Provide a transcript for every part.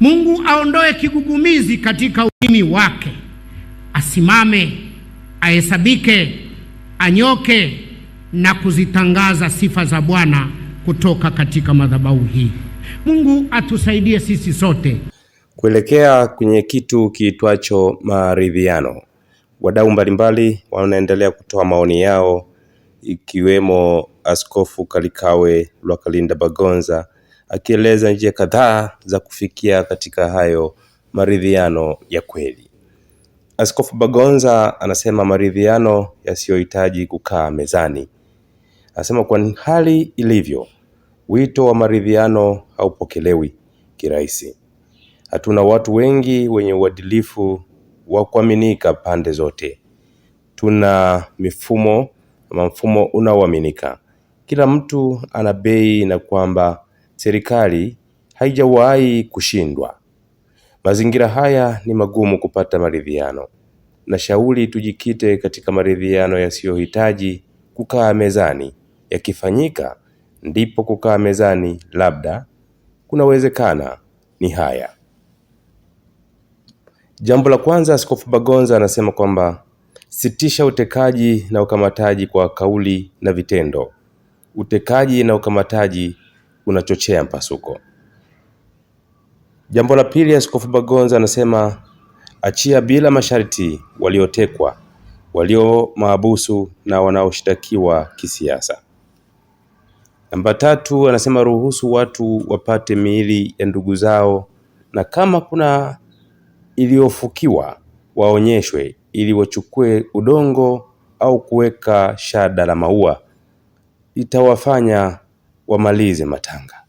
Mungu aondoe kigugumizi katika ulimi wake, asimame, ahesabike, anyoke na kuzitangaza sifa za Bwana kutoka katika madhabahu hii. Mungu atusaidie sisi sote kuelekea kwenye kitu kiitwacho maridhiano. Wadau mbalimbali wanaendelea kutoa maoni yao ikiwemo Askofu Kalikawe Lwakalinda Bagonza akieleza njia kadhaa za kufikia katika hayo maridhiano ya kweli. Askofu Bagonza anasema maridhiano yasiyohitaji kukaa mezani. Anasema kwa hali ilivyo, wito wa maridhiano haupokelewi kirahisi. Hatuna watu wengi wenye uadilifu wa kuaminika pande zote. Tuna mifumo ama mfumo unaoaminika, kila mtu ana bei, na kwamba serikali haijawahi kushindwa. Mazingira haya ni magumu kupata maridhiano, na shauri tujikite katika maridhiano yasiyohitaji kukaa mezani. Yakifanyika ndipo kukaa mezani labda kunawezekana ni haya. Jambo la kwanza, Askofu Bagonza anasema kwamba sitisha utekaji na ukamataji kwa kauli na vitendo. Utekaji na ukamataji unachochea mpasuko. Jambo la pili, Askofu Bagonza anasema achia bila masharti waliotekwa, walio maabusu na wanaoshtakiwa kisiasa. Namba tatu, anasema ruhusu watu wapate miili ya ndugu zao, na kama kuna iliyofukiwa waonyeshwe ili wachukue udongo au kuweka shada la maua, litawafanya wamalize matanga.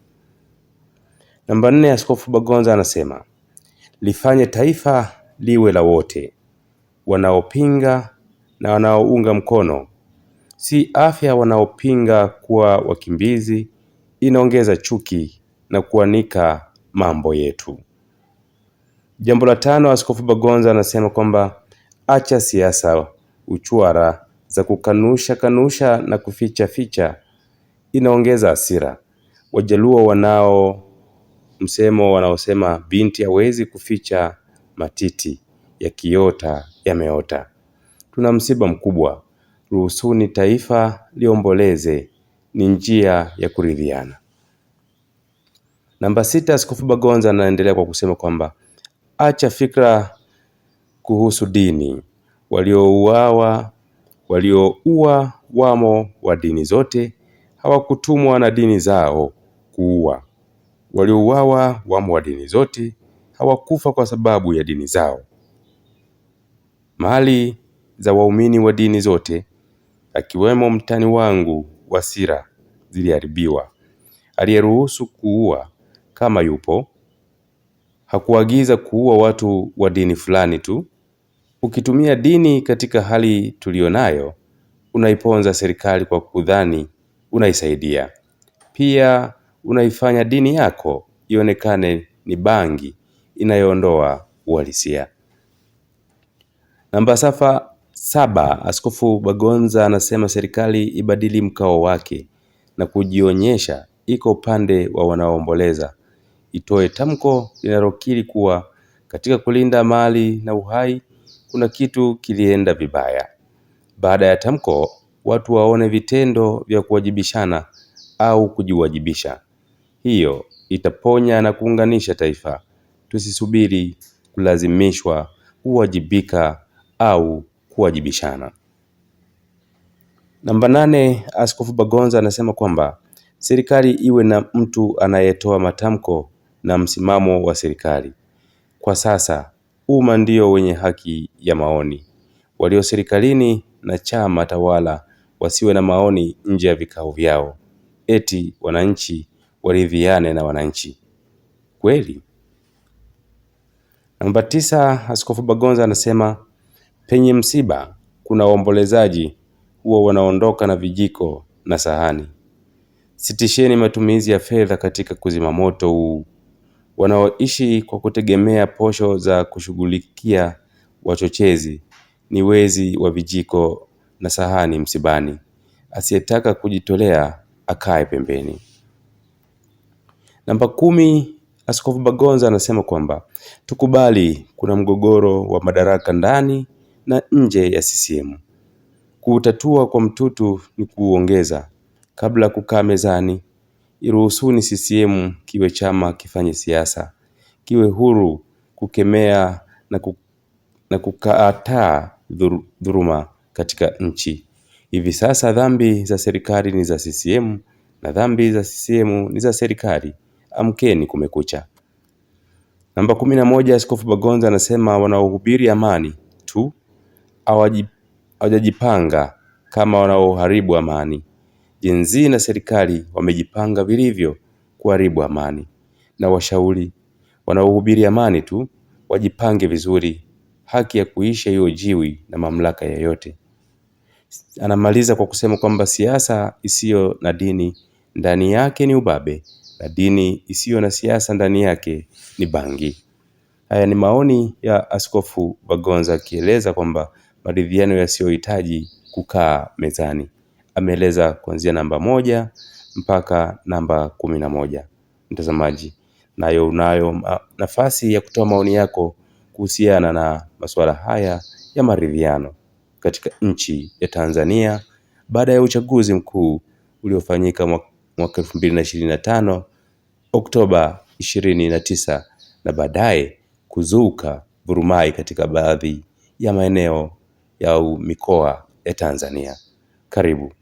Namba nne, Askofu Bagonza anasema lifanye taifa liwe la wote, wanaopinga na wanaounga mkono. Si afya wanaopinga kuwa wakimbizi, inaongeza chuki na kuanika mambo yetu. Jambo la tano, Askofu Bagonza anasema kwamba acha siasa uchwara za kukanusha kanusha na kuficha ficha inaongeza hasira. Wajaluo wanao msemo wanaosema binti hawezi kuficha matiti yakiota yameota. Tuna msiba mkubwa, ruhusuni taifa liomboleze, ni njia ya kuridhiana. Namba sita, Askofu Bagonza anaendelea kwa kusema kwamba acha fikra kuhusu dini, waliouawa walioua wamo wa dini zote hawakutumwa na dini zao kuua. Waliouawa wamo wa dini zote, hawakufa kwa sababu ya dini zao. Mali za waumini wa dini zote akiwemo mtani wangu wa Sira ziliharibiwa. Aliyeruhusu kuua kama yupo, hakuagiza kuua watu wa dini fulani tu. Ukitumia dini katika hali tuliyonayo, unaiponza serikali kwa kudhani unaisaidia. Pia unaifanya dini yako ionekane ni bangi inayoondoa uhalisia. Namba safa saba, Askofu Bagonza anasema serikali ibadili mkao wake na kujionyesha iko upande wa wanaoomboleza, itoe tamko linalokiri kuwa katika kulinda mali na uhai kuna kitu kilienda vibaya. Baada ya tamko, watu waone vitendo vya kuwajibishana au kujiwajibisha. Hiyo itaponya na kuunganisha taifa. Tusisubiri kulazimishwa kuwajibika au kuwajibishana. Namba nane, Askofu Bagonza anasema kwamba serikali iwe na mtu anayetoa matamko na msimamo wa serikali. Kwa sasa umma ndio wenye haki ya maoni, walio serikalini na chama tawala wasiwe na maoni nje ya vikao vyao, eti wananchi waridhiane na wananchi kweli? Namba tisa, Askofu Bagonza anasema penye msiba kuna waombolezaji huwa wanaondoka na vijiko na sahani. Sitisheni matumizi ya fedha katika kuzima moto huu. Wanaoishi kwa kutegemea posho za kushughulikia wachochezi ni wezi wa vijiko na sahani msibani, asiyetaka kujitolea akae pembeni. Namba kumi, Askofu Bagonza anasema kwamba tukubali kuna mgogoro wa madaraka ndani na nje ya CCM. Kuutatua kwa mtutu ni kuuongeza. Kabla ya kukaa mezani, iruhusuni CCM kiwe chama kifanye siasa, kiwe huru kukemea na kukataa dhuruma, katika nchi. Hivi sasa dhambi za serikali ni za CCM na dhambi za CCM ni za serikali. Amkeni, kumekucha. Namba kumi na moja, Askofu Bagonza anasema wanaohubiri amani tu hawajajipanga kama wanaoharibu amani. Jenzi na serikali wamejipanga vilivyo kuharibu amani, na washauri wanaohubiri amani tu wajipange vizuri, haki ya kuisha hiyo jiwi na mamlaka yoyote. Anamaliza kwa kusema kwamba siasa isiyo na dini ndani yake ni ubabe na dini isiyo na siasa ndani yake ni bangi. Haya ni maoni ya Askofu Bagonza akieleza kwamba maridhiano yasiyohitaji kukaa mezani. Ameeleza kuanzia namba moja mpaka namba kumi na moja. Mtazamaji, nayo unayo nafasi ya kutoa maoni yako kuhusiana na masuala haya ya maridhiano katika nchi ya Tanzania baada ya uchaguzi mkuu uliofanyika mwaka 2025 Oktoba 29 na baadaye kuzuka vurumai katika baadhi ya maeneo ya mikoa ya Tanzania. Karibu.